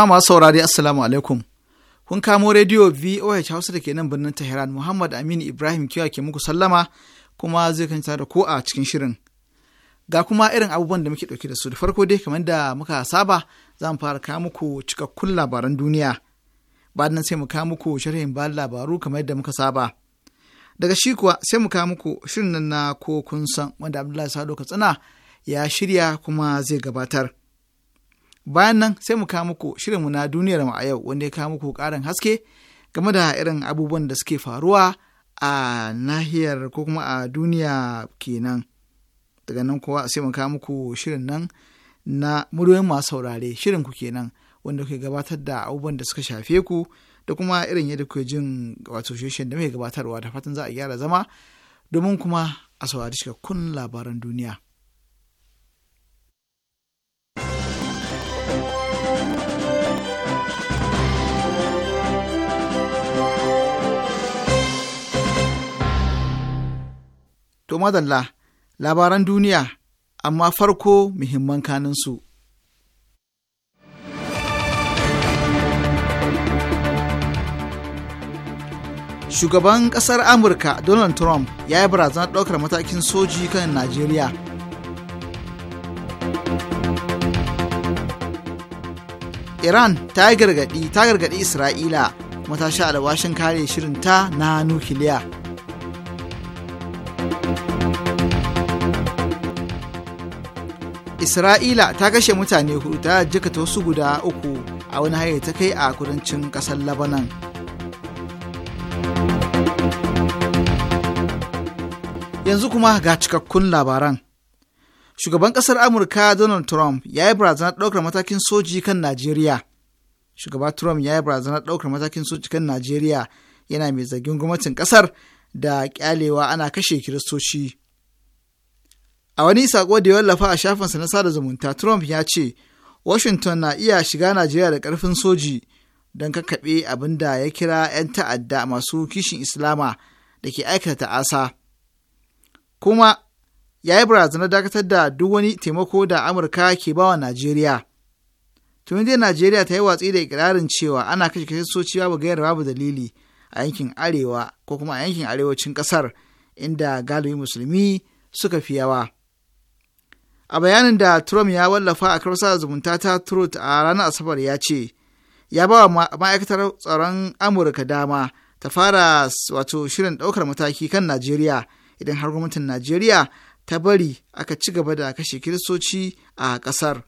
mu masu saurari Assalamu alaikum. Kun kamo rediyo VOH Hausa da ke nan birnin Tehran Muhammad Aminu Ibrahim Kiyawa ke muku sallama kuma zai kanta da ko a cikin shirin. Ga kuma irin abubuwan da muke ɗauke da su da farko dai kamar da muka saba za mu fara kawo muku cikakkun labaran duniya. Bayan nan sai mu kawo muku sharhin ba labaru kamar yadda muka saba. Daga shi kuwa sai mu kawo muku shirin nan na ko kun san wanda Abdullahi Sado Katsina ya shirya kuma zai gabatar. bayan nan sai mu kawo muku shirin mu na duniyar mu a yau wanda ya kawo muku karin haske game da irin abubuwan da suke faruwa a nahiyar ko kuma a duniya kenan daga nan kowa sai mu kawo muku shirin nan na muryoyin masu saurare shirin ku kenan wanda kuke gabatar da abubuwan da suka shafe ku da kuma irin yadda kuke jin wato shirin da muke gabatarwa da fatan za a gyara zama domin kuma a saurari cikakkun labaran duniya. To madalla, labaran duniya, amma farko muhimman kaninsu. Shugaban ƙasar Amurka Donald Trump ya yi barazanar ɗaukar matakin soji kan Najeriya. Iran ta gargaɗi Isra'ila kuma ta sha alwashin kare shirinta na nukiliya. isra'ila ta kashe mutane hudu ta jikata wasu guda uku a wani hari ta kai a kudancin kasar labanan yanzu kuma ga cikakkun labaran shugaban kasar amurka donald trump ya yi barazanar ɗaukar matakin soji kan najeriya shugaba trump ya yi barazanar ɗaukar matakin soji kan najeriya yana mai zargin gwamnatin kasar da kyalewa ana kashe kiristoci A wani sako da ya wallafa a shafinsa na sada zumunta, Trump ya ce, Washington na iya shiga Najeriya da ƙarfin soji don kakkaɓe abin da ya kira 'yan ta'adda masu kishin Islama da ke aikata ta'asa. Kuma ya yi barazanar dakatar da duk wani taimako da Amurka ke bawa Najeriya. Tuni dai Najeriya ta yi watsi da ikirarin cewa ana kashe kashe soci babu gayar babu dalili a yankin arewa ko kuma a yankin arewacin ƙasar inda galibi musulmi suka fi yawa. a bayanin da trump ya wallafa a karsar zumunta ta truth a ranar asabar ya ce ya ba wa ma'aikatar tsaron amurka dama ta fara wato shirin ɗaukar mataki kan najeriya idan har gwamnatin najeriya ta bari aka ci gaba da kashe kiristoci a ƙasar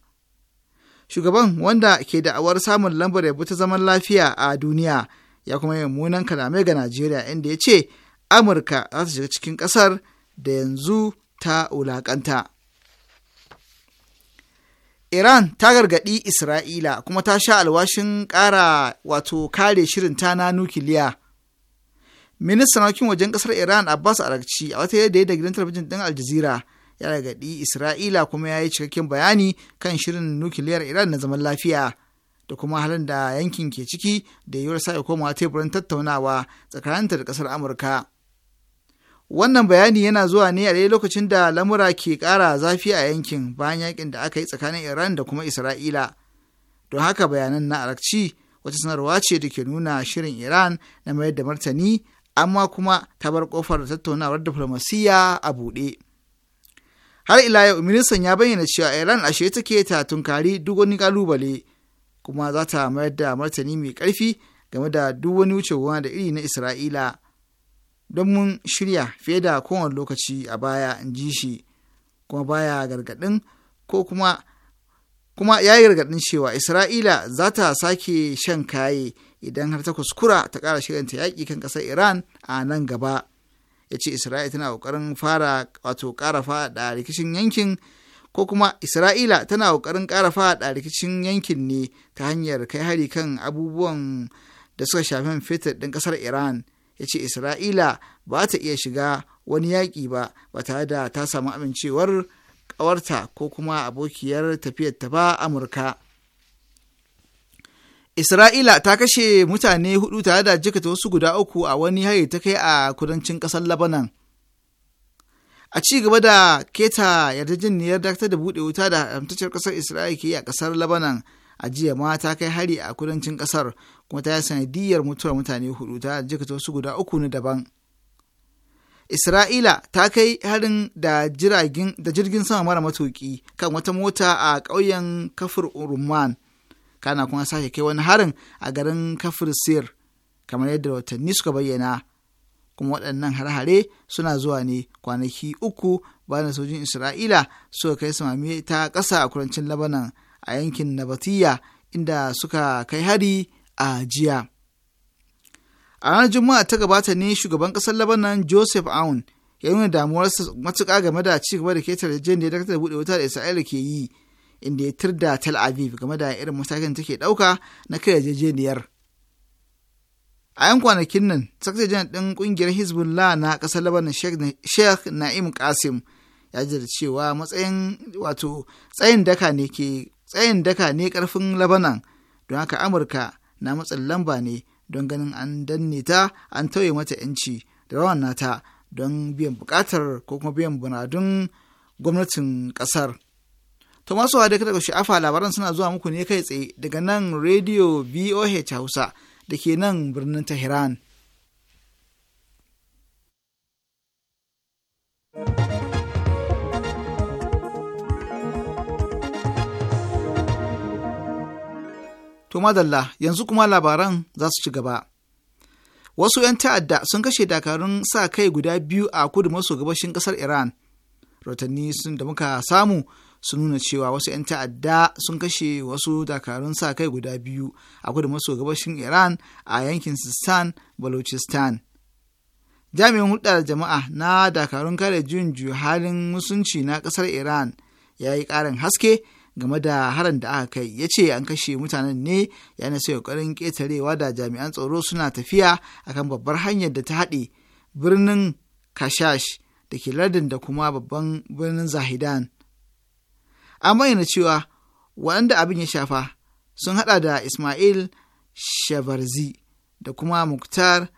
shugaban wanda ke da'awar samun lambar yabo ta zaman lafiya a duniya ya kuma yi munan kalamai ga najeriya inda ya ce amurka za ta shiga cikin ƙasar da yanzu ta wulaƙanta. Iran ta gargaɗi Isra'ila kuma ta sha alwashin ƙara wato kare shirin ta na nukiliya. Ministan harkokin wajen ƙasar Iran Abbas Arakci a wata yadda ya da gidan talabijin ɗin Al ya gargaɗi Isra'ila kuma ya yi cikakken bayani kan shirin nukiliyar Iran na zaman lafiya da kuma halin da yankin ke ciki da yiwuwar sa komawa teburin tattaunawa tsakaninta da ƙasar Amurka. Wannan bayani yana zuwa ne a daidai lokacin da lamura ke ƙara zafi a yankin bayan yakin da aka yi tsakanin Iran da kuma Isra'ila. Don haka bayanan na Arakci wata sanarwa ce da ke nuna shirin Iran na mayar da martani amma kuma ta bar kofar tattaunawar diflomasiyya a buɗe. Har ila yau ministan ya bayyana cewa Iran a shirye take ta tunkari duk wani kalubale kuma za ta mayar da martani mai ƙarfi game da duk wani wucewa da iri na Isra'ila. don mun shirya fiye da kowane lokaci a baya in ji shi kuma baya gargadin ko kuma kuma ya yi gargadin cewa isra'ila za ta sake shan kaye idan har ta kuskura ta ƙara shirinta yaƙi kan ƙasar iran a nan gaba ya ce isra'ila tana ƙoƙarin fara wato ƙara faɗa rikicin yankin ko kuma isra'ila tana ƙoƙarin ƙara faɗa rikicin yankin ne ta hanyar kai hari kan abubuwan da suka shafi fetur ɗin ƙasar iran ya ce isra'ila ba ta iya shiga wani yaƙi ba ba tare da ta samu amincewar ƙawarta ko kuma abokiyar tafiyarta ba amurka isra'ila ta kashe mutane hudu tare da jikata wasu guda uku a wani hari ta kai a kudancin ƙasar labanan a ci gaba da keta yarjejeniyar ta da buɗe wuta da haramtacciyar ƙasar isra'ila ke yi a ƙasar labanan a jiya ma ta kai hari a kudancin kasar kuma ta yi sanadiyar mutuwar mutane hudu ta jikata wasu guda uku na daban isra'ila ta kai harin da da jirgin sama mara matuki kan wata mota a ƙauyen kafir uruman kana kuma sake kai wani harin a garin kafir sir kamar yadda watanni suka bayyana kuma waɗannan har hare suna zuwa ne kwanaki uku bayan sojin isra'ila suka kai samami ta ƙasa a kudancin labanan a yankin Nabatiya inda suka kai hari a jiya. A ranar Juma'a ta gabata ne shugaban ƙasar Labanan Joseph Aoun ya nuna damuwarsa matuƙa game da ci gaba da ketar jin da ya dakatar buɗe wuta da Isra'ila ke yi inda ya tirda Tel Aviv game da irin matakin da take ɗauka na kai yarjejeniyar. A yan kwanakin nan, jan ɗin ƙungiyar Hezbollah na ƙasar Labanan Sheikh Na'im Qasim ya da cewa matsayin wato tsayin daka ne ke tsayin daka ne ƙarfin labanan don haka amurka na matsin lamba ne don ganin an danne ta an tauye mata yanci da rawan nata don biyan buƙatar ko kuma biyan bunadun gwamnatin ƙasar. To masu wa daga sha'afa labaran suna zuwa muku ne kai tsaye daga nan Radio boh Hausa da ke nan birnin Tehran. To madalla yanzu kuma labaran za su ci gaba. Wasu 'yan ta'adda sun kashe dakarun sa kai guda biyu a kudu maso gabashin ƙasar Iran. Rotanni sun da muka samu sun nuna cewa wasu 'yan ta'adda sun kashe wasu dakarun sa kai guda biyu a kudu maso gabashin Iran a yankin Sistan, Balochistan. Jami'in hulɗa da jama'a na dakarun kare juyin halin musunci na ƙasar Iran ya yi ƙarin haske game da harin da aka kai ya ce an kashe mutanen ne ya sai kokarin ƙetarewa da jami'an tsaro suna tafiya a kan babbar hanyar da ta haɗe birnin kashash da ke lardin da kuma babban birnin zahidan an bayyana cewa waɗanda abin ya shafa sun haɗa da ismail shabarzi da kuma muktar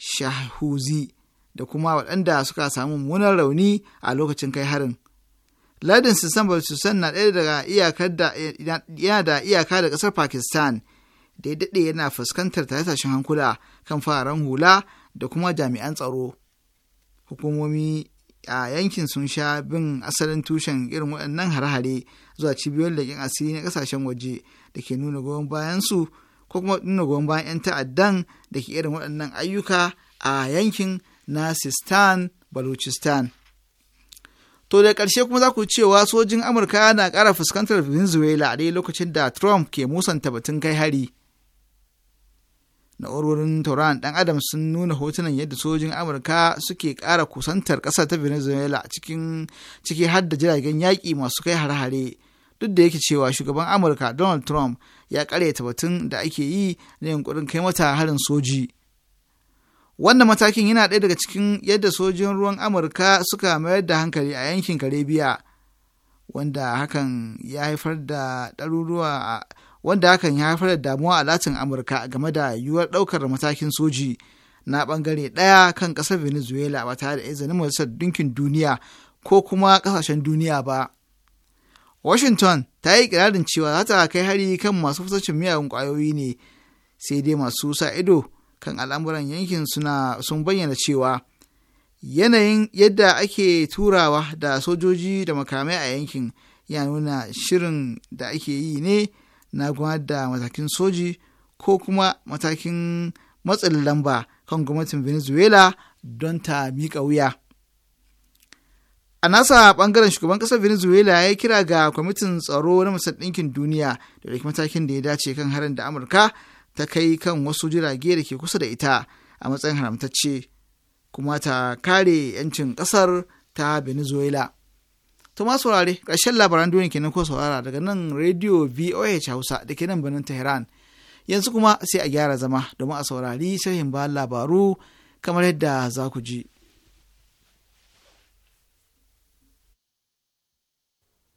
shahuzi da kuma waɗanda suka samu munar rauni a lokacin kai harin ladin sistan Susan na ɗaya daga iyakar da yana da iyaka da ƙasar pakistan da ya daɗe yana fuskantar tashin hankula kan fararen hula da kuma jami'an tsaro hukumomi a yankin sun sha bin asalin tushen irin waɗannan hare-hare zuwa cibiyoyin leƙen asiri na ƙasashen waje da ke nuna goyon bayan su ko kuma nuna goyon bayan 'yan ta'addan da ke irin waɗannan ayyuka a yankin na sistan baluchistan To da ƙarshe kuma za ku cewa sojin Amurka na ƙara fuskantar Venezuela a lokacin da Trump ke musanta batun kai hari. Na'urorin tauraron ɗan Adam sun nuna hotunan yadda sojin Amurka suke ƙara kusantar ƙasa ta Venezuela cikin ciki har da jiragen yaƙi masu kai hare-hare. Duk da yake cewa shugaban Amurka Donald Trump ya ƙaryata batun da ake yi na yunƙurin kai mata harin soji. Wannan matakin yana ɗaya daga cikin yadda sojin ruwan Amurka suka mayar da hankali a yankin Karibiya, wanda hakan ya haifar da ɗaruruwa wanda hakan ya haifar da damuwa a Latin Amurka game da yiwuwar ɗaukar matakin soji na ɓangare ɗaya kan ƙasar Venezuela ba tare da izinin Majalisar Dinkin Duniya ko kuma ƙasashen duniya ba. Washington ta yi kirarin cewa za ta kai hari kan masu fasashin miyagun ƙwayoyi ne sai dai masu sa ido kan al'amuran yankin suna sun bayyana cewa yanayin yadda ake turawa da sojoji da makamai a yankin ya nuna shirin da ake yi ne na gwamnati da matakin soji ko kuma matakin matsin lamba kan gwamnatin venezuela don ta miƙa wuya a nasa ɓangaren shugaban ƙasar venezuela ya kira ga kwamitin tsaro na masar ɗinkin duniya da matakin da ya dace kan harin da amurka ta kai kan wasu jirage da ke kusa da ita a matsayin haramtacce kuma ta kare 'yancin ƙasar ta venezuela to ma saurare ƙarshen labaran duniya kenan ko saurara daga nan radio voh hausa da ke nan birnin tehran yanzu kuma sai a gyara zama domin a saurari sharhin bayan labaru kamar yadda za ku ji.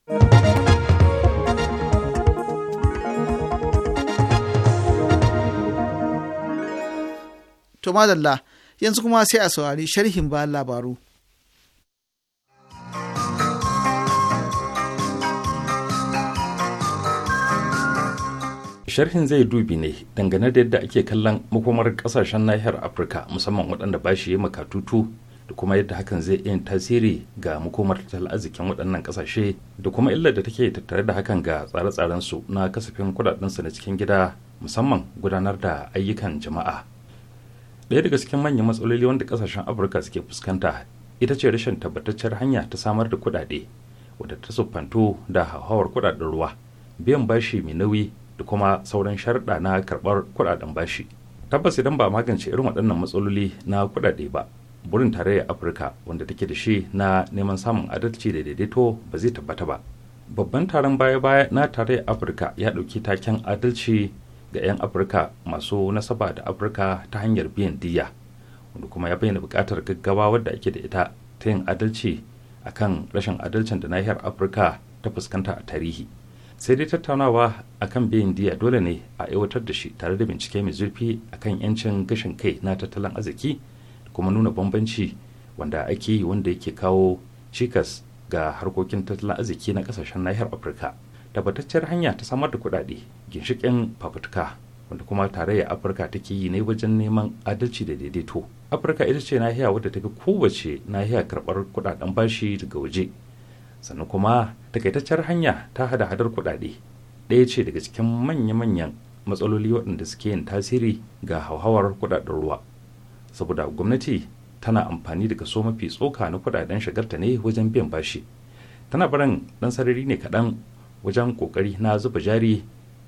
thank you To madalla yanzu kuma sai a saurari sharhin bayan labaru. sharhin zai dubi ne dangane da yadda ake kallon makomar kasashen nahiyar afirka musamman waɗanda ba shi yi makatutu da kuma yadda hakan zai yin tasiri ga makomar tattalin arzikin waɗannan kasashe da kuma illar da take tattare da hakan ga tsare tsarensu na kasafin kudaden su na cikin gida musamman gudanar da ayyukan jama'a daya daga cikin manyan matsaloli wanda kasashen afirka suke fuskanta ita ce rashin tabbataccen hanya ta samar da kuɗaɗe wadda ta siffanto da hauhawar kuɗaɗen ruwa biyan bashi mai nauyi da kuma sauran sharɗa na karɓar kuɗaɗen bashi tabbas idan ba magance irin waɗannan matsaloli na kuɗaɗe ba burin tarayyar afirka wanda take da shi na neman samun adalci da daidaito ba zai tabbata ba babban taron baya-baya na tarayyar afirka ya ɗauki taken adalci ga 'yan afirka masu nasaba da afirka ta hanyar biyan diya wanda kuma ya bayyana buƙatar gaggawa wadda ake da ita ta yin adalci akan rashin adalcin da nahiyar afirka ta fuskanta a tarihi sai dai tattaunawa akan biyan diya dole ne a aiwatar da shi tare da bincike mai zurfi akan yancin gashin kai na tattalin arziki da kuma nuna bambanci wanda ake yi wanda yake kawo cikas ga harkokin tattalin arziki na kasashen nahiyar afirka tabbatacciyar hanya ta samar da kuɗaɗe ginshiƙin fafutuka wanda kuma tarayyar afirka take yi ne wajen neman adalci da daidaito afirka ita ce nahiya wadda ta fi kowace nahiya karɓar kuɗaɗen bashi daga waje sannan kuma takaitacciyar hanya ta hada hadar kuɗaɗe ɗaya ce daga cikin manya-manyan matsaloli waɗanda suke yin tasiri ga hauhawar kuɗaɗen ruwa saboda gwamnati tana amfani da kaso mafi tsoka na kuɗaɗen shigarta ne wajen biyan bashi tana barin ɗan sarari ne kaɗan wajen kokari na zuba jari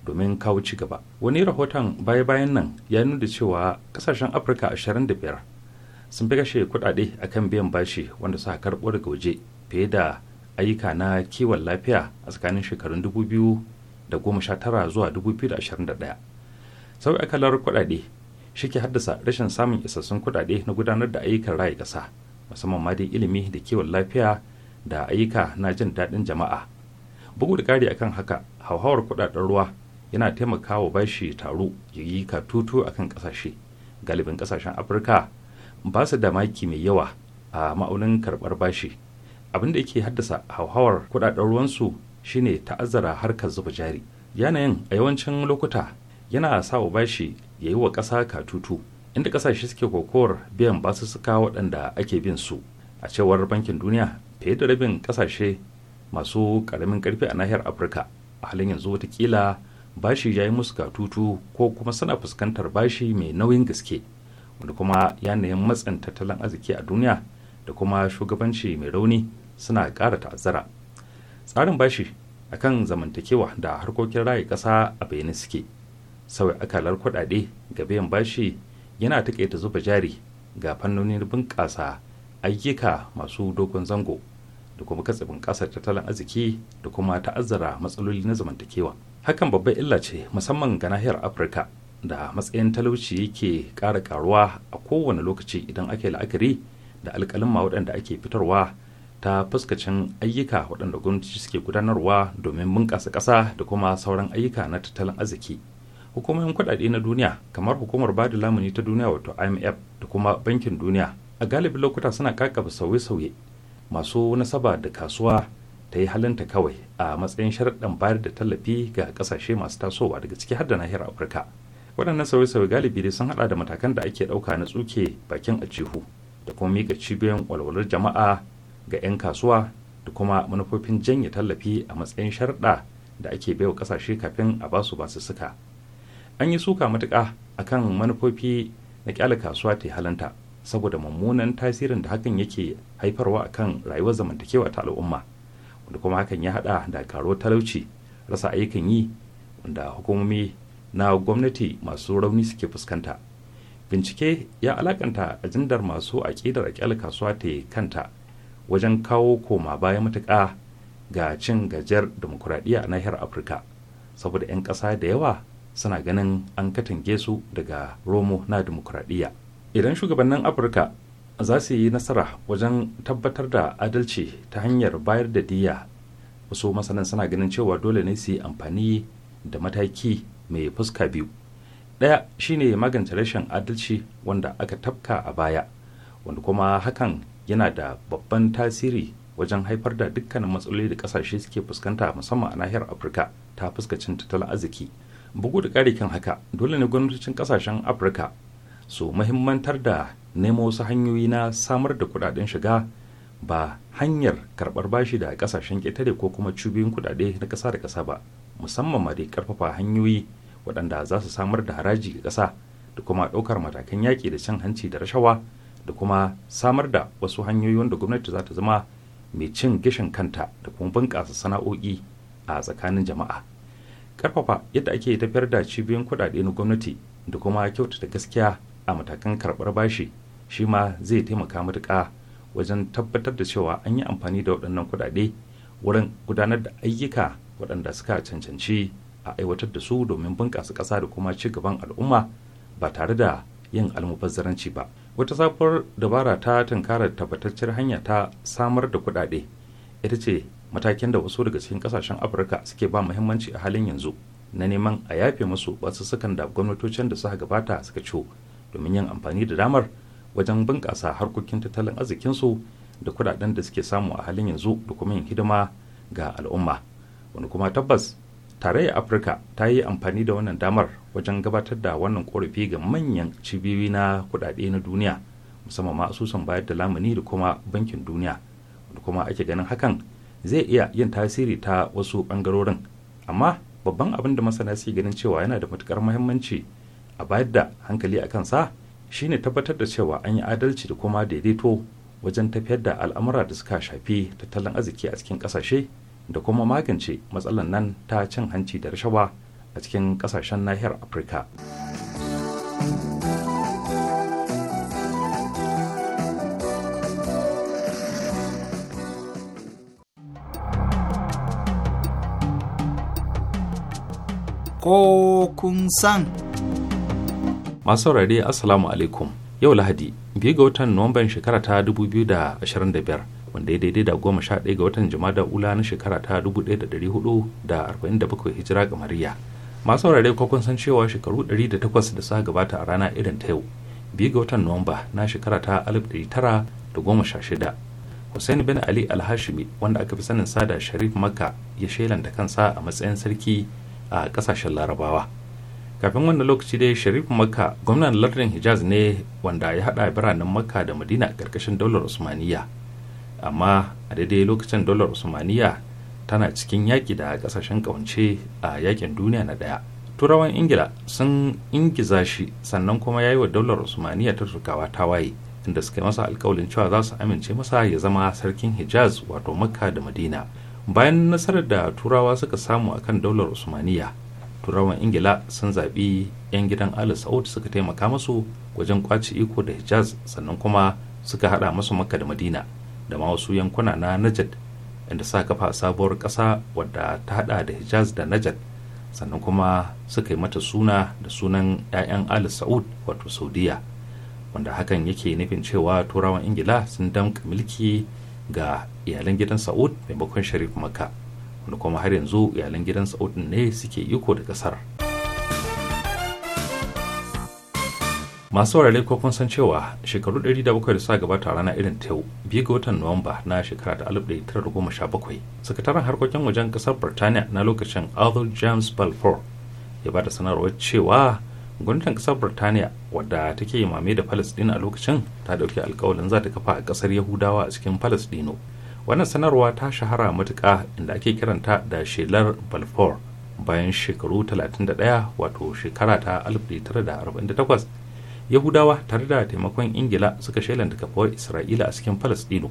domin kawo ci gaba wani rahoton baya-bayan nan ya nuna cewa kasashen afirka 25 sun fi kashe kudade akan biyan bashi wanda suka karbo daga waje fiye da ayyuka na kiwon lafiya a tsakanin shekarun 2019 zuwa 2021 sau akalar kudade shi ke haddasa rashin samun isassun kudade na gudanar da ayyukan raya ƙasa musamman ma dai ilimi da kiwon lafiya da ayyuka na jin daɗin jama'a bugu da ƙari akan haka hauhawar kudaden ruwa yana taimakawa bashi taro ya yi katutu akan ƙasashe galibin ƙasashen afirka ba su da maki mai yawa a ma'aunin karɓar bashi abin da yake haddasa hauhawar kudaden ruwansu shine ta'azzara harkar zuba jari yanayin a yawancin lokuta yana sa wa bashi ya yi wa ƙasa katutu inda ƙasashe suke kokowar biyan basussuka waɗanda ake bin su a cewar bankin duniya fiye da rabin ƙasashe masu karamin karfi a nahiyar afirka a halin yanzu watakila bashi ya yi musu katutu ko kuma suna fuskantar bashi mai nauyin gaske wanda kuma yanayin matsin tattalin arziki a duniya da kuma shugabanci mai rauni suna ƙara ta'azzara tsarin bashi a kan zamantakewa da harkokin raye ƙasa a bayyane suke sauya akalar kuɗaɗe ga biyan bashi yana taƙaita zuba jari ga fannonin bunƙasa ayyuka masu dogon zango da kuma katse bunƙasar tattalin arziki da kuma ta'azzara matsaloli na zamantakewa hakan babbar illa ce musamman ga nahiyar afirka da matsayin talauci yake ƙara karuwa a kowane lokaci idan ake la'akari da alƙalin waɗanda ake fitarwa ta fuskacin ayyuka waɗanda gwamnati suke gudanarwa domin bunƙasa ƙasa da kuma sauran ayyuka na tattalin arziki hukumomin kuɗaɗe na duniya kamar hukumar bada lamuni ta duniya wato imf da kuma bankin duniya a galibin lokuta suna kakaba sauye-sauye masu nasaba da kasuwa ta yi halinta kawai a matsayin sharaɗin bayar da tallafi ga ƙasashe masu tasowa daga ciki har da nahiyar afirka waɗannan sauye-sauye galibi dai sun haɗa da matakan da ake ɗauka na tsuke bakin a cihu da kuma mika cibiyoyin walwalar jama'a ga 'yan kasuwa da kuma manufofin janye tallafi a matsayin sharaɗa da ake baiwa ƙasashe kafin a basu suka an yi suka matuƙa akan manufofi na kyale kasuwa ta yi halinta. saboda mummunan tasirin da hakan yake haifarwa a kan rayuwar zamantakewa ta al'umma wanda kuma hakan ya hada da karo talauci rasa ayyukan yi wanda hukumomi na gwamnati masu rauni suke fuskanta bincike ya alakanta ajindar masu aƙidar ƙyal kasuwa ta kanta wajen kawo koma baya matuƙa ga cin gajiyar demokuraɗiyya a nahiyar afirka saboda 'yan ƙasa da yawa suna ganin an katange su daga romo na demokuraɗiyya idan shugabannin afirka za su yi nasara wajen tabbatar da adalci ta hanyar bayar da diya wasu masanan suna ganin cewa dole ne su yi amfani da mataki mai fuska biyu ɗaya shine magance rashin adalci wanda aka tafka a baya wanda kuma hakan yana da babban tasiri wajen haifar da dukkanin matsaloli da kasashe suke fuskanta musamman a nahiyar afirka ta fuskacin tattalin arziki bugu da ƙari kan haka dole ne gwamnatocin kasashen afirka su mahimmantar da nemo wasu hanyoyi na samar da kudaden shiga ba hanyar karbar bashi da kasashen ƙetare ko kuma cubiyin kudade na ƙasa da ƙasa ba musamman ma dai karfafa hanyoyi waɗanda za su samar da haraji ga ƙasa da kuma ɗaukar matakan yaƙi da cin hanci da rashawa da kuma samar da wasu hanyoyi wanda gwamnati za ta zama mai cin gishin kanta da kuma bunƙasa sana'o'i a tsakanin jama'a karfafa yadda ake tafiyar da cibiyoyin kudade na gwamnati da kuma kyautata gaskiya a matakan karɓar bashi shi ma zai taimaka matuƙa wajen tabbatar da cewa an yi amfani da waɗannan kuɗaɗe wurin gudanar da ayyuka waɗanda suka cancanci a aiwatar da su domin bunƙasa ƙasa da kuma ci gaban al'umma ba tare da yin almubazzaranci ba wata sabuwar dabara ta tunkara tabbataccen hanya ta samar da kuɗaɗe ita ce matakin da wasu daga cikin ƙasashen afirka suke ba muhimmanci a halin yanzu na neman a yafe musu wasu sukan da gwamnatocin da suka gabata suka ciwo domin yin amfani da damar wajen bunƙasa harkokin tattalin arzikinsu da kudaden da suke samu a halin yanzu da kuma yin hidima ga al'umma wani kuma tabbas tarayyar afirka ta yi amfani da wannan damar wajen gabatar da wannan korafi ga manyan cibiyoyi na kudade na duniya musamman ma asusun bayar da lamuni da kuma bankin duniya wani kuma ake ganin hakan zai iya yin tasiri ta wasu bangarorin amma babban abin da masana suke ganin cewa yana da matukar muhimmanci a bayar da hankali a kansa shine tabbatar da cewa an yi adalci da kuma daidaito wajen tafiyar da al'amura da suka shafi tattalin arziki a cikin ƙasashe da kuma magance matsalan nan ta cin hanci da rashawa a cikin ƙasashen nahiyar afirka. ko kun san. masu saurare assalamu alaikum yau lahadi biyu ga watan nuwamban shekara ta 2025 wanda ya daidai da goma sha ɗaya ga watan jumada ula na shekara ta 1447 hijira ga Mariya. masu saurare kwakwan san cewa shekaru 108 da sa gabata a rana irin ta yau biyu ga watan nuwamba na shekara ta 1916 Hussein bin Ali al-Hashimi, wanda aka fi sanin sada Sharif Makka ya shelanta kansa a matsayin sarki a kasashen Larabawa. kafin wannan lokaci dai sharif makka gwamnan lardin hijaz ne wanda ya hada biranen makka da madina a karkashin daular usmaniya amma a daidai lokacin daular usmaniya tana cikin yaki da ƙasashen kawance a yakin duniya na ɗaya turawan ingila sun ingiza shi sannan kuma ya yi wa daular usmaniya ta turkawa ta waye inda suka masa alkawalin cewa za su amince masa ya zama sarkin hijaz wato makka da madina bayan nasarar da turawa suka samu akan daular usmaniya turawan ingila sun zaɓi 'yan gidan ali saud suka taimaka masu wajen kwace iko da hijaz sannan kuma suka hada masu makka da madina da ma wasu yankuna na najad inda sa kafa sabuwar ƙasa wadda ta hada da hijaz da najad sannan kuma suka yi mata suna da sunan 'ya'yan ali saud wato saudiya wanda hakan yake nufin cewa turawan ingila sun damka mulki ga iyalan gidan sa'ud maimakon sharif makka wanda kuma har yanzu iyalan gidan saud ne suke iko da kasar masu warare ko kun san cewa shekaru 107 da sa gabata rana irin ta biyu ga watan nuwamba na shekara ta 1917 sakataren harkokin wajen kasar birtaniya na lokacin arthur james balfour ya ba da sanarwar cewa gwamnatin kasar birtaniya wadda take mame da palestine a lokacin ta dauki alkawalin za ta kafa a kasar yahudawa a cikin palestino wannan sanarwa ta shahara matuƙa inda ake kiranta da shelar balfour bayan shekaru 31 wato shekara ta 1948 yahudawa tare da taimakon ingila suka shelanta kafawar isra'ila a cikin falasdino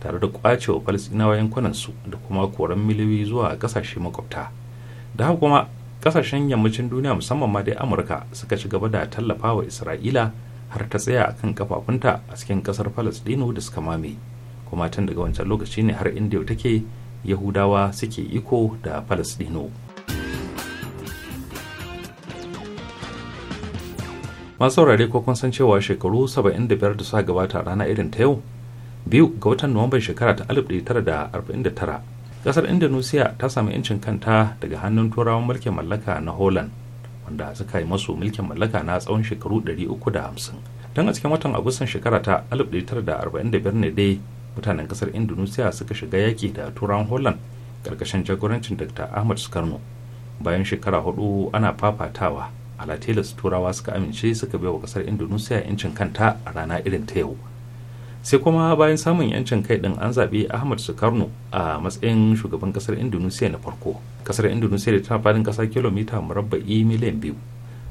tare da kwacewa falasdinawa yankunansu da kuma koran miliyoyi zuwa kasashe makwabta da haka kuma kasashen yammacin duniya musamman ma dai amurka suka ci gaba da tallafa wa isra'ila har ta tsaya a kan kafafunta a cikin kasar falasdino da suka mame kuma tun daga wancan lokaci ne har inda yau take yahudawa suke iko da falasdino masu saurare ko kun san cewa shekaru 75 da suka gabata rana irin ta yau biyu ga watan nuwamban shekara ta 1949 kasar indonesia ta sami 'yancin kanta daga hannun turawan mulkin mallaka na holland wanda suka yi masu mulkin mallaka na tsawon shekaru 350 don a cikin watan agustan shekara ta 1945 ne dai mutanen kasar indonesia suka shiga yaki da turan holland karkashin jagorancin dr ahmad sukarno bayan shekara hudu ana fafatawa alatelis turawa suka amince suka wa kasar indonesia yancin kanta a rana irin ta yau sai kuma bayan samun yancin kai din an zaɓi ahmad sukarno a matsayin shugaban kasar indonesia na farko kasar indonesia da tana faɗin ƙasa kilomita murabba'i miliyan biyu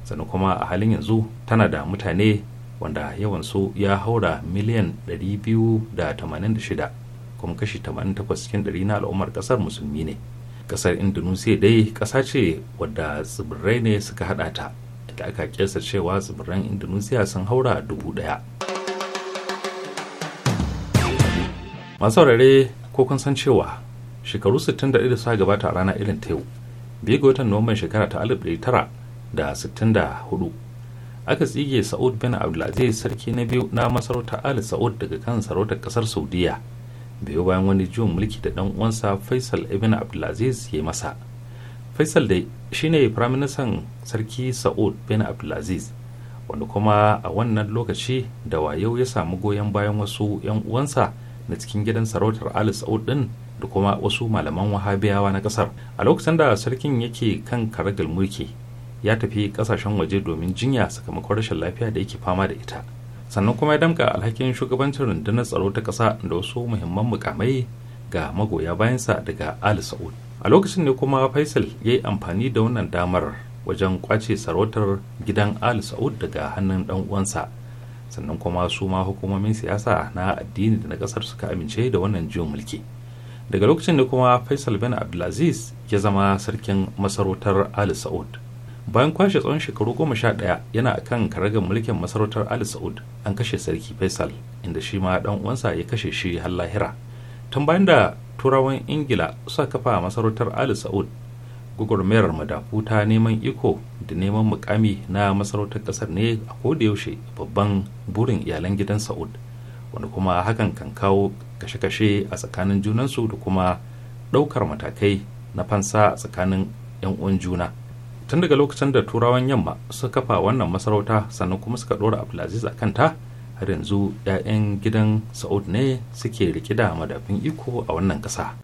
sannan kuma a halin yanzu tana da mutane wanda yawansu ya haura miliyan 286 kuma kashi 88 cikin 100 na al'ummar kasar musulmi ne kasar indonesia dai kasa ce wadda tsibirai ne suka hada ta da aka kesa cewa tsibiran indonesia sun haura dubu daya masu saurare ko kun san cewa shekaru 61 da suka gabata a rana irin ta yau biyu ga watan nuwamban shekara ta 1964 aka tsige sa'ud bin abdulaziz sarki na biyu na masarautar ali sa'ud daga kan sarautar kasar saudiya biyu bayan wani juyin mulki da dan uwansa faisal ibn abdulaziz ya masa faisal dai shine firaministan sarki sa'ud bin abdulaziz wanda kuma a wannan lokaci da wayau ya samu goyon bayan wasu 'yan uwansa na cikin gidan sarautar ali sa'ud din da kuma wasu malaman wahabiyawa na kasar a lokacin da sarkin yake kan karagal mulki ya tafi kasashen waje domin jinya sakamakon rashin lafiya da yake fama da ita sannan kuma ya damka alhakin shugabancin rundunar tsaro ta ƙasa da wasu muhimman mukamai ga magoya bayansa daga al saud a lokacin ne kuma faisal ya yi amfani da wannan damar wajen kwace sarautar gidan al saud daga hannun dan uwansa sannan kuma su ma hukumomin siyasa na addini da na kasar suka amince da wannan jiyon mulki daga lokacin da kuma faisal bin abdulaziz ya zama sarkin masarautar al saud bayan kwashe tsawon shekaru goma sha ɗaya yana akan karagar mulkin masarautar ali sa'ud an kashe sarki faisal inda shi ma dan uwansa ya kashe shi har lahira tun bayan da turawan ingila suka kafa masarautar ali sa'ud gwagwarmayar madafu ta neman iko da neman mukami na masarautar kasar ne a yaushe babban burin iyalan gidan sa'ud wanda kuma hakan kan kawo kashe-kashe a tsakanin junansu da kuma ɗaukar matakai na fansa a tsakanin 'yan uwan juna. tun daga lokacin da turawan yamma suka kafa wannan masarauta sannan kuma suka dora abdulaziz a kanta har yanzu 'ya'yan gidan sa'ud ne suke rike da madafin iko a wannan ƙasa.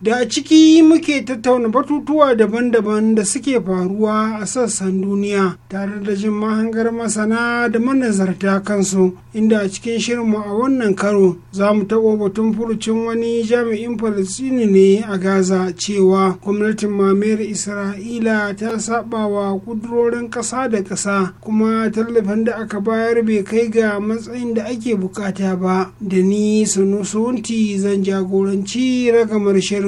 da a ciki muke tattauna batutuwa daban-daban da suke faruwa a sassan duniya tare da jin mahangar masana da manazarta kansu inda a cikin shirinmu a wannan karo za mu taɓo batun furucin wani jami'in falistini ne a gaza cewa gwamnatin mamayar isra'ila ta saba wa kudurorin ƙasa da ƙasa kuma tallafin da aka bayar bai kai ga matsayin da ake bukata ba da ni sunusunti zan jagoranci ragamar shirin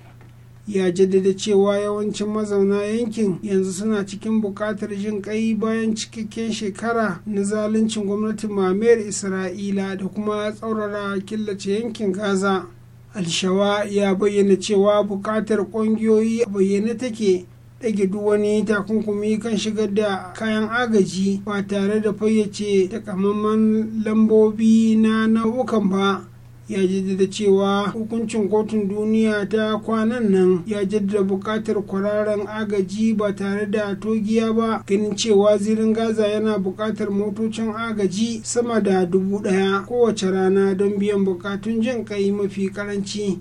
ya jaddada cewa yawancin mazauna yankin yanzu suna cikin buƙatar jin ƙai bayan cikakken shekara na zaluncin gwamnatin mamayar isra'ila da kuma tsaurara killace yankin gaza alshawa ya bayyana cewa buƙatar ƙungiyoyi a bayyane take ɗage duk wani takunkumi kan shigar da kayan agaji ba tare da fayyace takamaiman lambobi na nau'ukan ba ya jaddada cewa hukuncin kotun duniya ta kwanan nan ya jaddada buƙatar kwararren agaji ba tare da togiya ba ganin cewa zirin gaza yana buƙatar motocin agaji sama da dubu ɗaya kowace rana don biyan bukatun jin kai mafi karanci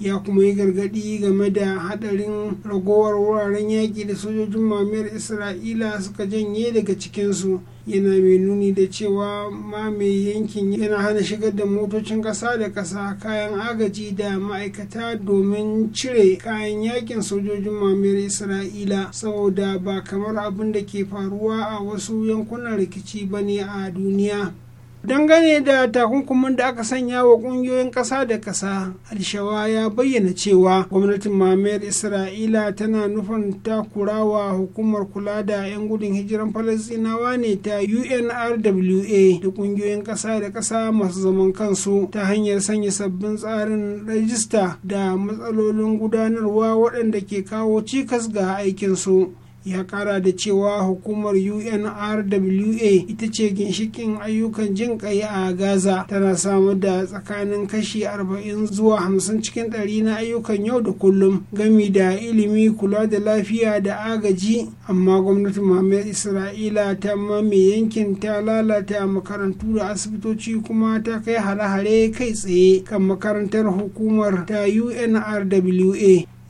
ya kuma yi gargaɗi game da haɗarin ragowar wuraren yaƙi da sojojin mamayar isra'ila suka janye daga cikinsu yana mai nuni da cewa ma mai yankin yana hana shigar da motocin ƙasa da ƙasa kayan agaji da ma'aikata domin cire kayan yakin sojojin mamayar isra'ila saboda ba kamar abin da ke faruwa a wasu yankunan rikici bane a duniya dangane da takunkumin da aka sanya wa kungiyoyin kasa da kasa alshawa ya bayyana cewa gwamnatin mamayar isra'ila tana nufin takurawa hukumar kula da 'yan gudun hijiran falasinawa ne ta unrwa da kungiyoyin kasa da kasa masu zaman kansu ta hanyar sanya sabbin tsarin rajista da matsalolin gudanarwa waɗanda ke kawo cikas ga aikinsu ya kara da cewa hukumar unrwa ita ce ginshikin ayyukan jin kai a gaza tana samu da tsakanin kashi 40 zuwa 50 cikin ɗari na ayyukan yau da kullum gami da ilimi kula da lafiya da agaji amma gwamnatin muhammad isra'ila ta mame yankin ta lalata makarantu da asibitoci kuma ta kai hare-hare kai tsaye kan makarantar hukumar ta unrwa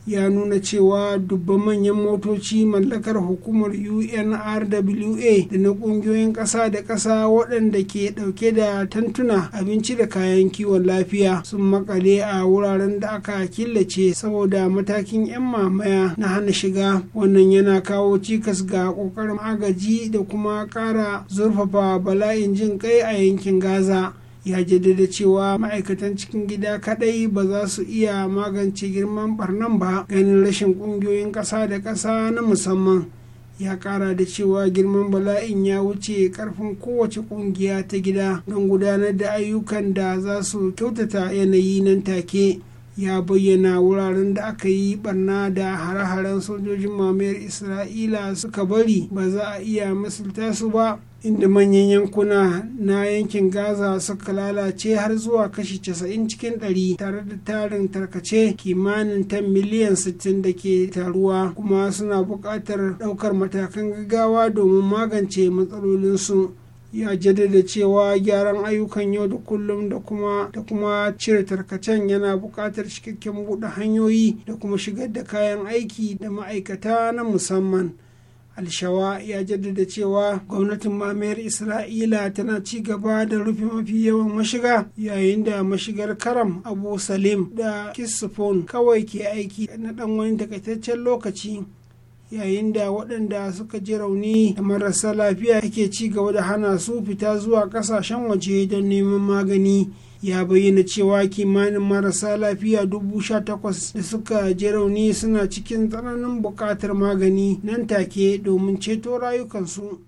ya nuna cewa dubban manyan motoci mallakar hukumar unrwa da na kungiyoyin ƙasa da ƙasa waɗanda ke ɗauke da tantuna abinci da kayan kiwon lafiya sun makale a wuraren da aka killace saboda matakin 'yan mamaya na hana shiga wannan yana kawo cikas ga ƙoƙarin agaji da kuma ƙara zurfafa bala'in jin kai a yankin gaza ya jaddada cewa ma'aikatan cikin gida kadai ba za su iya magance girman barnan ba ganin rashin kungiyoyin ƙasa da ƙasa na musamman ya kara da cewa girman bala'in ya wuce karfin kowace kungiya ta gida don gudanar da ayyukan da za su kyautata yanayi nan take ya bayyana wuraren da aka yi barna da hare-haren sojojin mamayar isra'ila suka bari ba za a iya misalta su ba inda manyan yankuna na yankin gaza suka lalace har zuwa kashi 90 cikin 100 tare da tarin tarkace kimanin 10 miliyan 60 da ke taruwa kuma suna buƙatar ɗaukar matakan gaggawa domin magance matsalolinsu ya jaddada cewa gyaran ayyukan yau da kullum da kuma kuma cire tarkacen yana buƙatar cikakken buɗe hanyoyi da kuma shigar da kayan aiki da ma'aikata na musamman alshawa ya jaddada cewa gwamnatin mamayar isra'ila tana ci gaba da rufe mafi yawan mashiga yayin da mashigar karam abu salim da kisifon kawai ke aiki na dan wani takaitaccen lokaci yayin da waɗanda suka ji rauni da marasa lafiya ake ci gaba da hana su fita zuwa ƙasashen waje don neman magani ya bayyana cewa kimanin marasa lafiya dubu sha takwas da suka ji rauni suna cikin tsananin buƙatar magani nan take domin ceto rayukansu.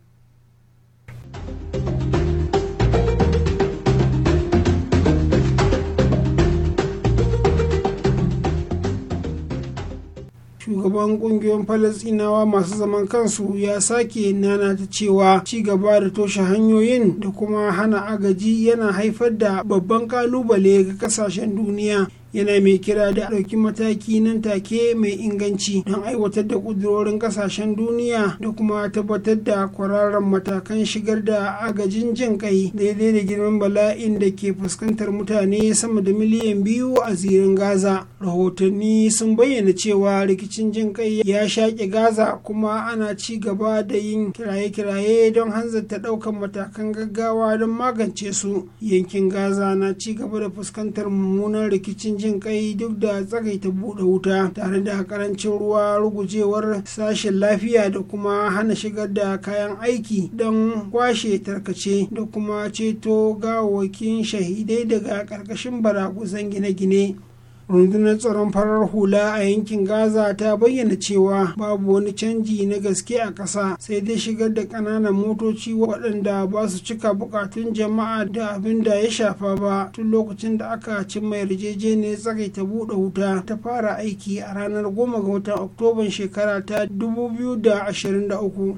shugaban kungiyoyin falasinawa masu zaman kansu ya sake nana ta cewa cigaba da toshe hanyoyin da kuma hana agaji yana haifar da babban kalubale ga kasashen duniya yana mai kira da ɗauki mataki nan take mai inganci don aiwatar da ƙudurorin ƙasashen duniya da kuma tabbatar da kwararren matakan shigar da agajin jin kai daidai da girman bala'in da ke fuskantar mutane sama da miliyan biyu a zirin gaza rahotanni sun bayyana cewa rikicin jin kai ya shaƙe gaza kuma ana ci gaba da yin kiraye-kiraye don hanzarta ɗaukar matakan gaggawa don magance su yankin gaza na ci gaba da fuskantar mummunan rikicin jin kai duk da tsagaita buɗe wuta tare da karancin ruwa rugujewar sashen lafiya da kuma hana shigar da kayan aiki don kwashe tarkace da kuma ceto gawakin shahidai daga ƙarƙashin barakusan gine-gine rundunar tsaron farar hula a yankin gaza ta bayyana cewa babu wani canji na gaske a ƙasa sai dai shigar da ƙananan motoci waɗanda ba su cika buƙatun jama'a da abin da ya shafa ba tun lokacin da aka mai cimma yarjejeniyar ta buɗe wuta ta fara aiki a ranar 10 ga watan oktoban shekara ta 2023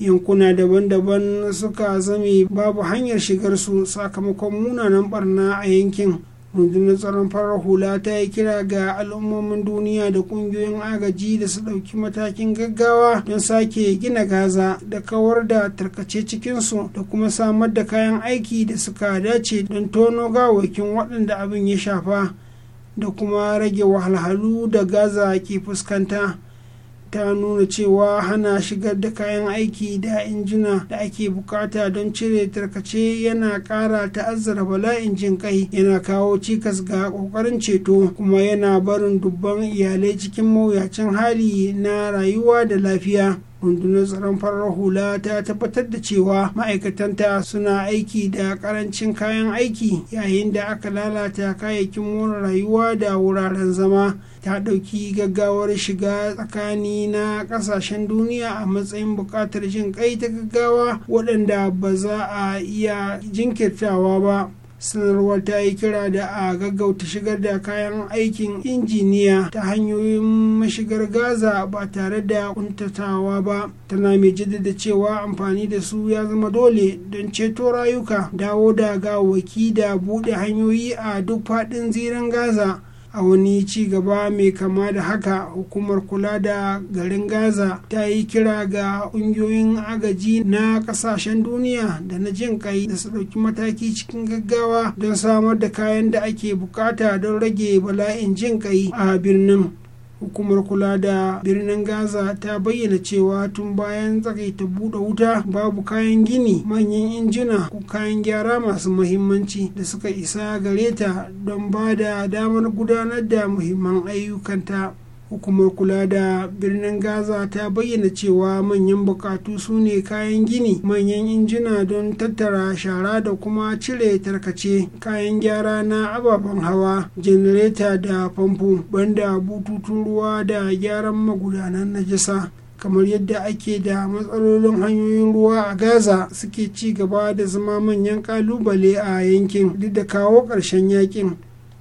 yankuna daban-daban suka zame babu hanyar shigar su sakamakon munanan barna a yankin rundunar tsaron farar hula ta yi kira ga al'ummomin duniya da kungiyoyin agaji da su ɗauki matakin gaggawa don sake gina gaza da kawar da tarkace cikinsu da kuma samar da kayan aiki da suka dace don tono gawakin waɗanda abin ya shafa da kuma rage wahalhalu da gaza ke fuskanta. ta nuna cewa hana shigar da kayan aiki da injina da ake bukata don cire tarkace yana ƙara ta'azzara bala'in jin kai yana kawo cikas ga ƙoƙarin ceto kuma yana barin dubban iyalai cikin mawuyacin hali na rayuwa da lafiya rundunar tsaron farar hula ta tabbatar da cewa ma'aikatanta suna aiki da karancin kayan aiki yayin da aka lalata kayayyakin more rayuwa da wuraren zama ta ɗauki gaggawar shiga tsakani na ƙasashen duniya a matsayin buƙatar jin kai ta gaggawa waɗanda ba za a iya jinkirtawa ba sanarwar ta yi kira da a gaggauta shigar da kayan aikin injiniya ta hanyoyin mashigar gaza ba tare da kuntatawa ba tana mai jaddada cewa amfani da su ya zama dole don ceto rayuka dawo da gawaki da buɗe hanyoyi a duk faɗin ziren gaza a wani ci gaba mai kama da haka hukumar kula da garin gaza ta yi kira ga ƙungiyoyin agaji na ƙasashen duniya da na jin kai da su ɗauki mataki cikin gaggawa don samar da kayan da ake bukata don rage bala'in jin kai a birnin hukumar kula da birnin gaza ta bayyana cewa tun bayan ta buɗe wuta babu kayan gini manyan injina ko kayan gyara masu mahimmanci da suka isa gare ta don ba da damar gudanar da muhimman ayyukanta hukumar kula da birnin gaza ta bayyana cewa manyan bukatu su ne kayan gini manyan injina don tattara shara da kuma cire tarkace kayan gyara na ababen hawa janareta da famfo banda bututun ruwa da gyaran magudanan najasa kamar yadda ake da matsalolin hanyoyin ruwa a gaza suke ci gaba da zama manyan kalubale a yankin duk da kawo ƙarshen yakin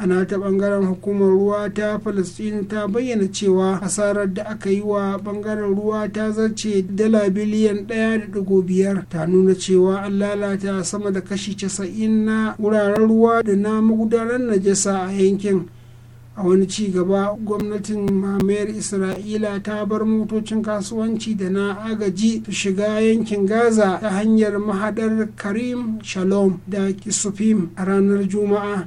a ta bangaren hukumar ruwa ta palestine ta bayyana cewa asarar da aka yi wa bangaren ruwa ta zarce dala biliyan ɗaya da digo biyar ta nuna cewa an lalata sama da kashi casa'in na wuraren ruwa da na magudanar najasa a yankin a wani ci gaba gwamnatin mamayar isra'ila ta bar motocin kasuwanci da na agaji su shiga yankin gaza ta hanyar mahadar karim shalom da kisufim a ranar juma'a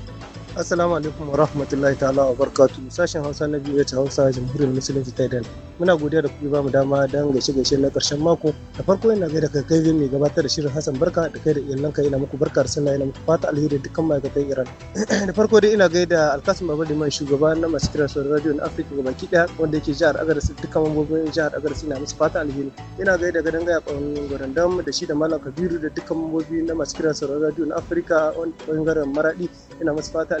Assalamu alaikum wa rahmatullahi ta'ala wa barkatu sashen Hausa na biyu ta Hausa Jamhuriyar Musulunci ta Idan. Muna godiya da kuke bamu dama don gaishe gaishe na karshen mako. Da farko ina gaida kai kai mai gabatar da shirin Hassan Barka da kai da iyalanka ina muku barka da sallah ina muku fata alheri da dukkan ma'aikatan Iran. da farko dai ina gaida Alkasim Babali mai shugaba na masu kiran sauran radio na Afirka gabaki daya wanda yake jihar Agadez dukkan mambobin jihar Agadez ina musu fata alheri. Ina gaida gadan gaya ɓangaren dam da shi da Malam Kabiru da dukkan mambobi na masu kiran sauran radio na Afirka ɓangaren Maradi ina musu fata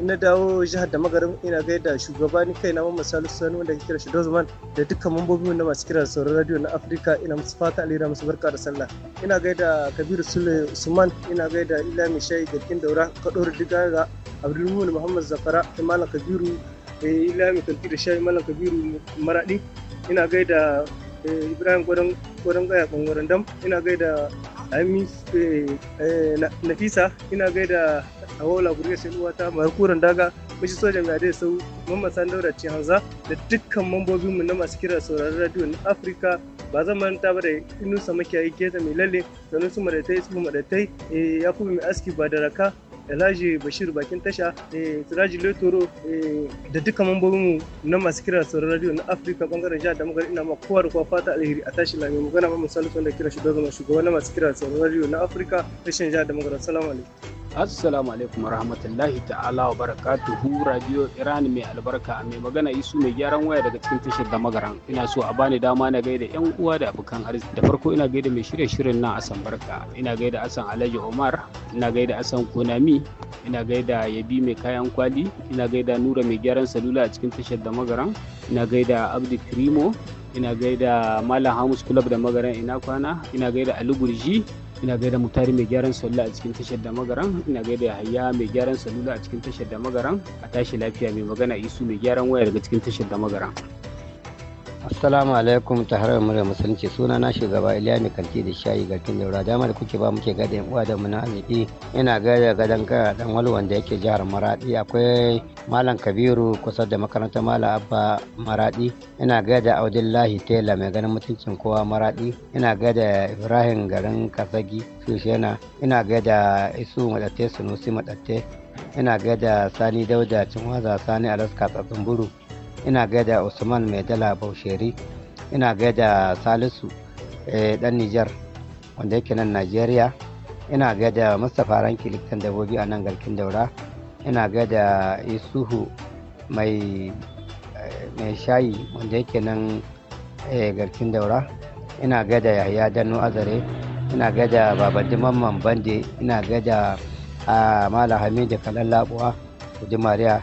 na dawo jihar da magarin ina gaida shugaba ni na mamman salisu sani wanda ke kira shi dozman da dukkan mambobi na masu kiran sauran radio na afirka ina musu fata alira musu barka da sallah ina gaida kabiru sule usman ina gaida ila mai shayi garkin daura diga ga abdulmumin muhammad zafara malam kabiru eh, ila mai kalfi da shayi malam kabiru maradi ina gaida Eh, ibrahim gwadon gaya dam ina gaida amis eh, eh, nafisa ina gaida awola gurga sheluwa ta markuran daga mishi sojan gade sau mamman sandau da hanza da dukkan mambobinmu na masu kira sauraron radio na afirka ba zan manta ba da inusa makiyayi keta mai lalle da nusu madatai su madatai ya kuma mai aski ba da raka Elaji Bashir Bakin Tasha, Siraji eh, Lotoro eh, da duka mu na masu kira sauran radio na Afirka bangaren jihar Damgar ina ma kowa da kowa fata alheri a tashi lami magana ma misali da kira shi da zama shugaban na masu kira sauran radio na Afirka rashin jihar Damgar. Assalamu alaikum. assalamu alaikum rahmatullahi ta'ala wa barakatuhu radio iran mai albarka mai magana isu mai gyaran waya daga cikin tashar da magaran ina so a bani dama na gaida yan uwa da abokan arziki da farko ina gaida mai shirye shirin nan asan barka ina gaida asan alhaji omar ina gaida asan konami ina gaida yabi mai kayan kwali ina gaida nura mai gyaran salula a cikin tashar da magaran ina gaida abdi krimo ina gaida malam hamus club da magaran ina kwana ina gaida ali gurji ina gaida mutari mai gyaran salula a cikin tashar da magaran ina gaida yahaya mai gyaran salula a cikin tashar da magaran a tashi lafiya mai magana isu mai gyaran waya daga cikin tashar da magaran assalamu alaikum ta harar murya musulunci suna na shugaba iliya mai kanti da shayi garkin daura dama da kuke ba muke gada uwa da muna arziki ina gada gadon kara dan wani wanda yake jihar maradi akwai malam kabiru kusa da makarantar malam abba maradi ina gada audillahi tela mai ganin mutuncin kowa maradi ina gada ibrahim garin kasagi shushena ina gaida isu madatte sunusi madatte ina gaida sani dauda cinwaza sani alaska tsatsun buru ina gaida usman mai dala bausheri ina gaida salisu dan eh, nijar wanda yake nan najeriya ina gaida mustapha ranki likitan dabobi a nan garkin daura ina gaida isuhu mai eh, shayi wanda yake nan eh, garkin daura ina gaida Yahya danu azare ina gaida babadi mamman bande ina gaida a ah, malam hamidu kanan labuwa maria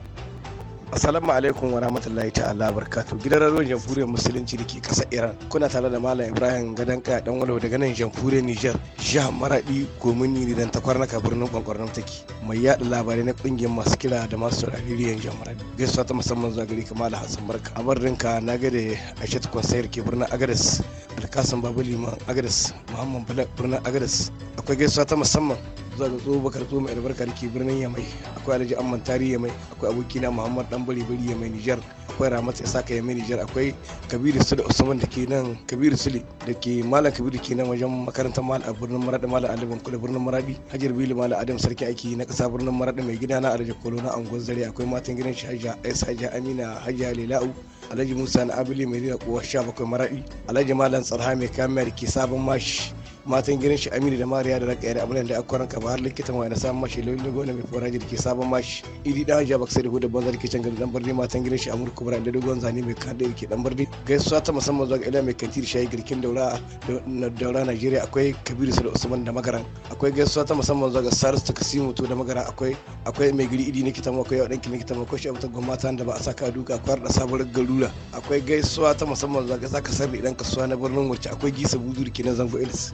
Assalamu alaikum wa rahmatullahi ta'ala barkatu. Gidan radio Jamhuriyar Musulunci da ke ƙasar Iran. Kuna tare da Malam Ibrahim Gadanka dan walau daga nan Jamhuriyar Niger, jihar Maradi, Gomini da Takwar na birnin Kwankwarnan take. Mai yaɗa labarai na ƙungiyar masu kira da masu saurari riyan jihar Maradi. Gaisuwa ta musamman zuwa gari kamar Hassan Barka. A barinka na ga da Aishatu Kwansayar ke birnin Agadas, Alkasan Babu Liman Agadas, Muhammad Bala birnin Agadas. Akwai gaisuwa ta musamman zuwa ga tsohon bakar tsohon mai albarka da ke birnin Yamai. Akwai Alhaji Amman Tari Yamai. Akwai abokina Muhammad Dan bari bari ya mai Nijar akwai Ramat saka ya mai Nijar akwai Kabiru Sule Usman da ke nan Kabiru Sule da ke Malam Kabiru ke nan wajen makarantar Mal a birnin Maradi Malam Ali Bankole birnin Maradi Hajar Bili Malam Adam Sarki ake na kasa birnin Maradi mai gida na Alhaji Kolo na Angon Zare akwai matan gidan shi Hajja Aisha Hajja Amina Hajja Lela'u Alhaji Musa na Abili mai rira kowa 17 Maradi Alhaji Malam Tsarha mai kamar ke sabon mashi matan gidan shi aminu da mariya da rakaya da abulan da akwaran ka har likitan wa na samun mashi lolin gona mai foraji da ke sabon mashi idi dan ja baksa da hudu banza da ke can gari dan birni matan gidan shi amur bura da dogon zane mai kada da ke dan birni gaisuwa ta musamman zuwa ga ila mai kanti da shayi girkin daura na daura najeriya akwai kabiru da usman da magaran akwai gaisuwa ta musamman zuwa ga salisu ta kasimu to da magaran akwai akwai mai giri idi na kitamo akwai yawadanki na kitamo akwai shabuta gwamnati da ba a saka duka akwai da sabon garura akwai gaisuwa ta musamman zuwa ga zaka sarri idan kasuwa na birnin wacce akwai gisa budu da ke zango ilis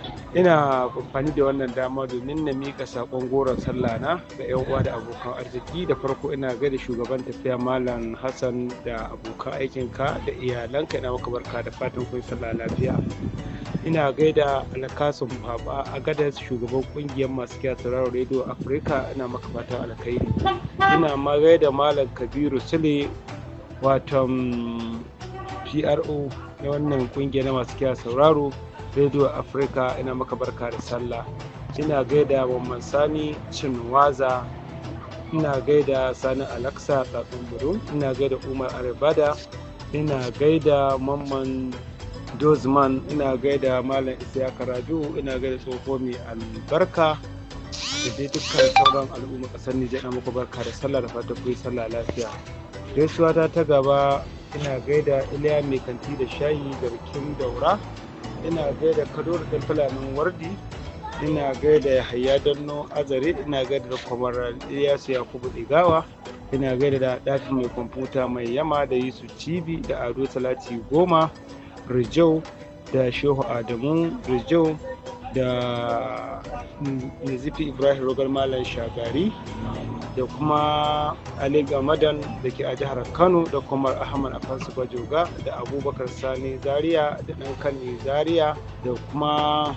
ina amfani da wannan dama domin na mika sakon goron sallah na ga yan uwa da abokan arziki da farko ina gaida shugaban tafiya malam hassan da abokan aikinka da iyalanka ina maka barka da fatan kun sallah lafiya ina gaida alkasun baba a gadar shugaban kungiyar masu kiya sauraro radio afirka ina maka fatan alkhairi ina ma gaida malam kabiru sule waton pro na wannan kungiyar masu kiya sauraro radio africa ina maka barka da sallah ina gaida wannan sani cinwaza ina gaida sani alaksa tsatsun buru ina gaida umar aribada ina gaida mamman dozman ina gaida malam isiyaka Karaju, ina gaida tsoho mai albarka da dai dukkan sauran al'umma kasar nijar na muku barka da sallah da fata kuyi sallah lafiya gaisuwa ta ta gaba ina gaida iliya mai kanti da shayi da bikin daura ina gaida kaduru da fulanin wardi ina gaida yahaya danno azare ina gaida da kwamar iyasu yakubu digawa ina gaida da ɗakin mai kwamfuta mai yama da yusu cibi da ado talati goma rijau da shehu adamu rijau da nizifi ibrahim rogar malam shagari da kuma ali gamadan da ke a jihar kano da kuma ahmad afansu bajoga da abubakar sani zaria da dan kani zaria da kuma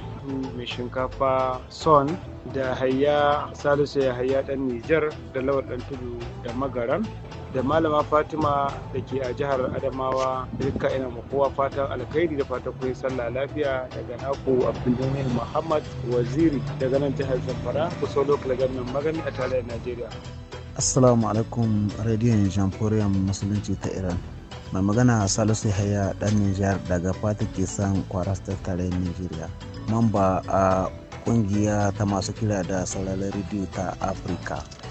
mai shinkafa son da hayya salisu ya hayya dan nijar da lawar dan tudu da magaran da malama fatima da ke a jihar adamawa duka ina ma kowa fatan alkhairi da fatan kun sallah lafiya daga naku abdulmumin muhammad waziri daga nan jihar zamfara kusa lokal gannan magani a tarayyar nigeria. assalamu alaikum radiyon jamhuriyar musulunci ta iran mai magana salisu haya dan nijar daga fatan ke san kwaras ta nigeria mamba a kungiya ta masu kira da sauraron rediyo ta afirka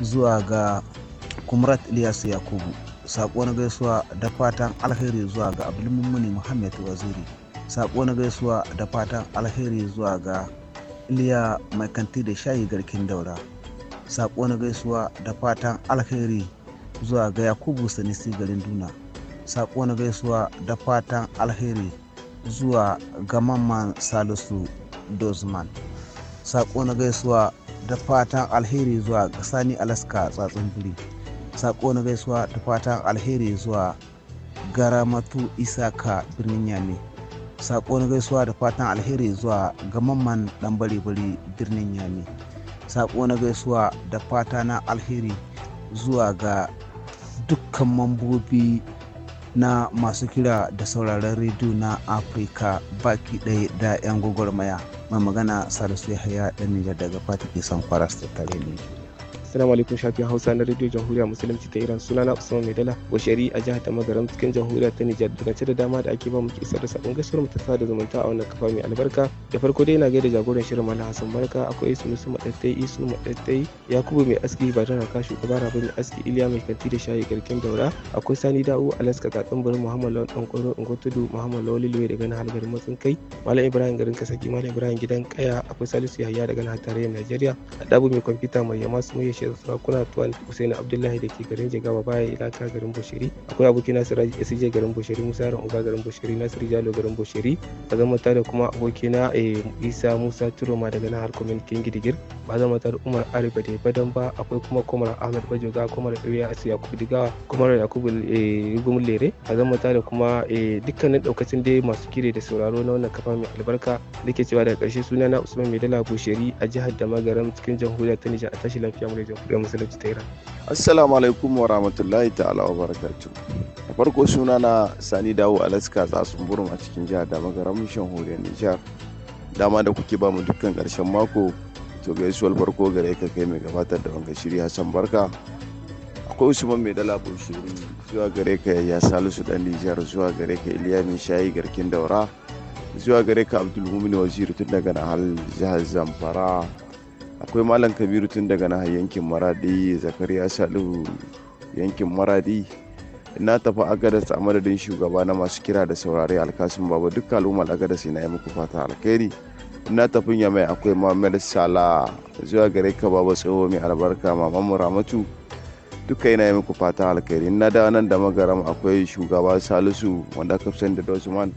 zuwa ga kumrat ilyasu yakubu saƙo na gaisuwa da fatan alheri zuwa ga abdulmumuni muhammad waziri saƙo na gaisuwa da fatan alheri zuwa ga iliya mai kanti da shayi garkin daura saƙo na gaisuwa da fatan alheri zuwa ga yakubu sanisi garin duna saƙo na gaisuwa da fatan alheri zuwa ga mamman salisu dozman saƙo na gaisuwa da fatan alheri zuwa ga sani alaska tsatsin biri sako na gaisuwa da fatan alheri zuwa garamatu isaka birnin yame sako na gaisuwa da fatan alheri zuwa ga mamman dan bari-bari birnin yame sako na gaisuwa da fata na alheri zuwa ga dukkan mambobi na masu kira da sauraron rediyo na afirka baki ɗaya da 'yan gwagwarmaya mai magana salisu yahaya ɗan nijar daga fata ke san kwaras da tare ne Assalamu alaikum shafi Hausa na Radio Jamhuriya Musulunci ta Iran sunana Usman Maidala Bashari a jihar Tamagaram cikin Jamhuriya ta Nijar daga da dama da ake ba mu isar da sabon gaskiyar mu ta sada zumunta a wannan kafa mai albarka da farko dai na gaida jagoran shirin Malam Hassan Barka akwai Sunusu Madattai Isu Madattai Yakubu mai aski ba da raka shugaba Rabi aski Iliya mai kanti da shayi garkin daura akwai Sani Da'u Alaska Katsin Bari Muhammad Lawan Dankwaro Ngotudu Muhammad Lawli Luwe daga nan halgar matsin kai Malam Ibrahim garin Kasaki Malam Ibrahim gidan Kaya akwai Salisu Yahaya daga nan tarayyar Najeriya Adabu mai kwamfuta mai yama su mai gaishe da sarakuna tuwan Hussein Abdullahi da ke garin Jigawa baya ilaka garin Bushiri akwai abokina Siraj SJ garin Bushiri Musa Yaron Uga garin Bushiri Nasir Jalo garin Bushiri ba zan da kuma abokina eh, Isa Musa Turoma daga nahar Kwamin King Gidigir ba zan da Umar Arifa da Badan ba akwai kuma Komar Ahmed Bajoga Komar Iriya Asiya Yakubu Digawa Komar Yakubu Rigum eh, Lere ba zan da kuma eh, dukkanin daukacin dai masu kire da sauraro na wannan kafa mai albarka da ke cewa daga ƙarshe suna na Usman Maidala Bushiri a jihar Damagaram cikin jamhuriyar ta Nijar a tashi lafiya mu jamhuriyar musulunci ta iran assalamu alaikum wa rahmatullahi ta'ala wa barakatu da farko suna na sani dawo alaska su burin a cikin jihar da magaramin shan horiyar nijar dama da kuke ba mu dukkan karshen mako to gaisuwar farko gare ka kai mai gabatar da wanga shiri hassan barka akwai usman mai dala bushiri zuwa gare ka ya salisu dan nijar zuwa gare ka iliya shayi garkin daura zuwa gare ka abdulmumin waziri tun daga nahal jihar zamfara akwai malam kabiru tun daga na yankin maradi zakariya salihu yankin maradi na tafi agadas a madadin shugaba na masu kira da saurari alkasun baba duk al'ummar agadas na yi muku fata alkhairi na tafi mai akwai mamar sala zuwa gare ka baba tsoho mai albarka maman ramatu duka yana yi muku fata alkhairi na da nan da magaram akwai shugaba salisu wanda aka fi da dosman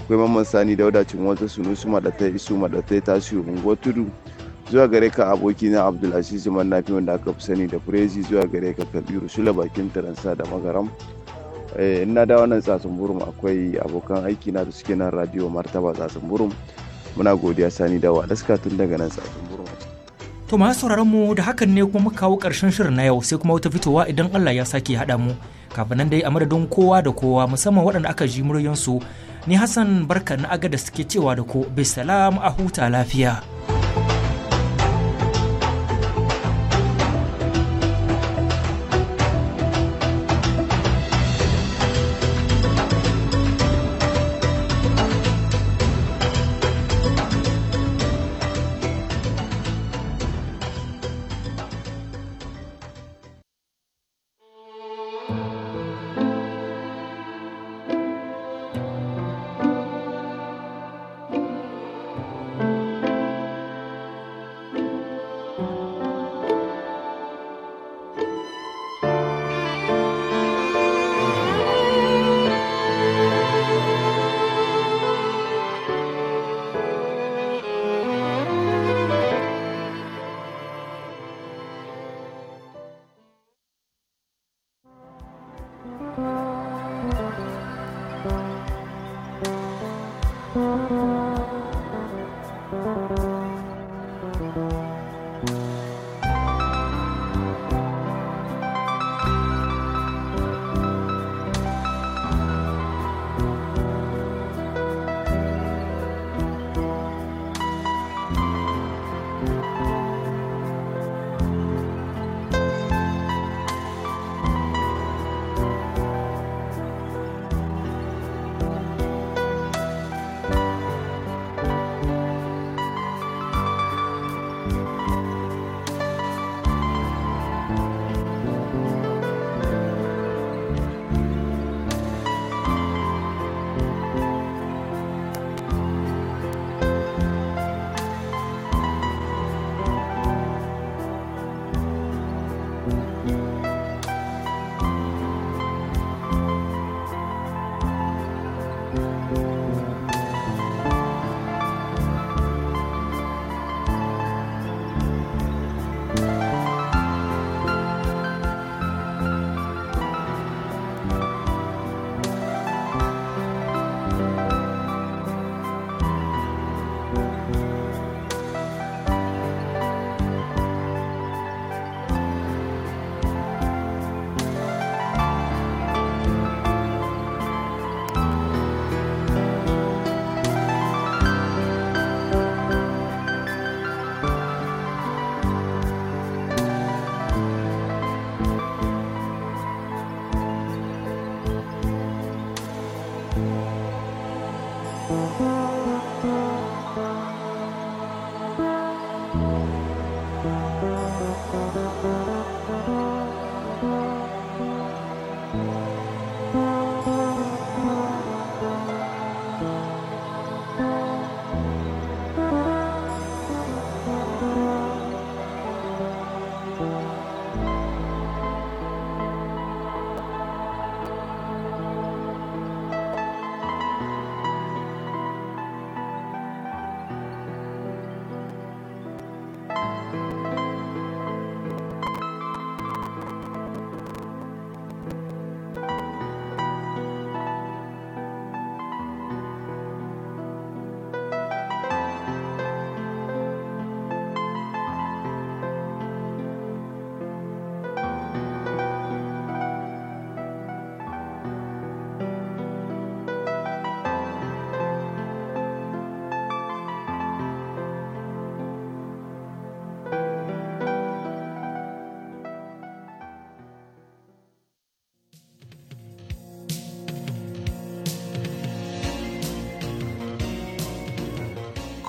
akwai mamman sani dauda cin wata sunusu madatai isu madatai tasiru unguwa tudu zuwa gare ka aboki na abdulaziz mannafi wanda aka fi sani da furezi zuwa gare ka kabiru shula bakin taransa da magaram eh, ina da wannan tsatsun burum akwai abokan aiki na da suke nan radio martaba tsatsun burum muna godiya sani da daska tun daga nan tsatsun burum to masu sauraron mu da hakan ne kuma muka kawo karshen shirin na yau sai kuma wata fitowa idan Allah ya sake haɗa mu kafin nan dai a madadin kowa da kowa musamman waɗanda aka ji muryoyinsu ni Hassan barka na agada suke cewa da ku bisalam a huta lafiya.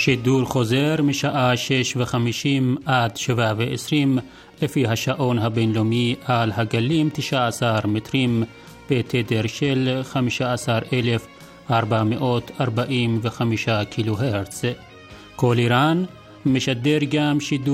שידור חוזר משעה וחמישים עד ועשרים לפי השעון הבינלאומי על הגלים 19 מטרים בתדר של 15,445 קילו הרץ. כל איראן משדר גם שידור